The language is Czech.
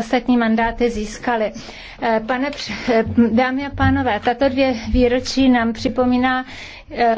ostatní mandáty získali. Eh, pane, eh, dámy a pánové, tato dvě výročí nám připomíná eh,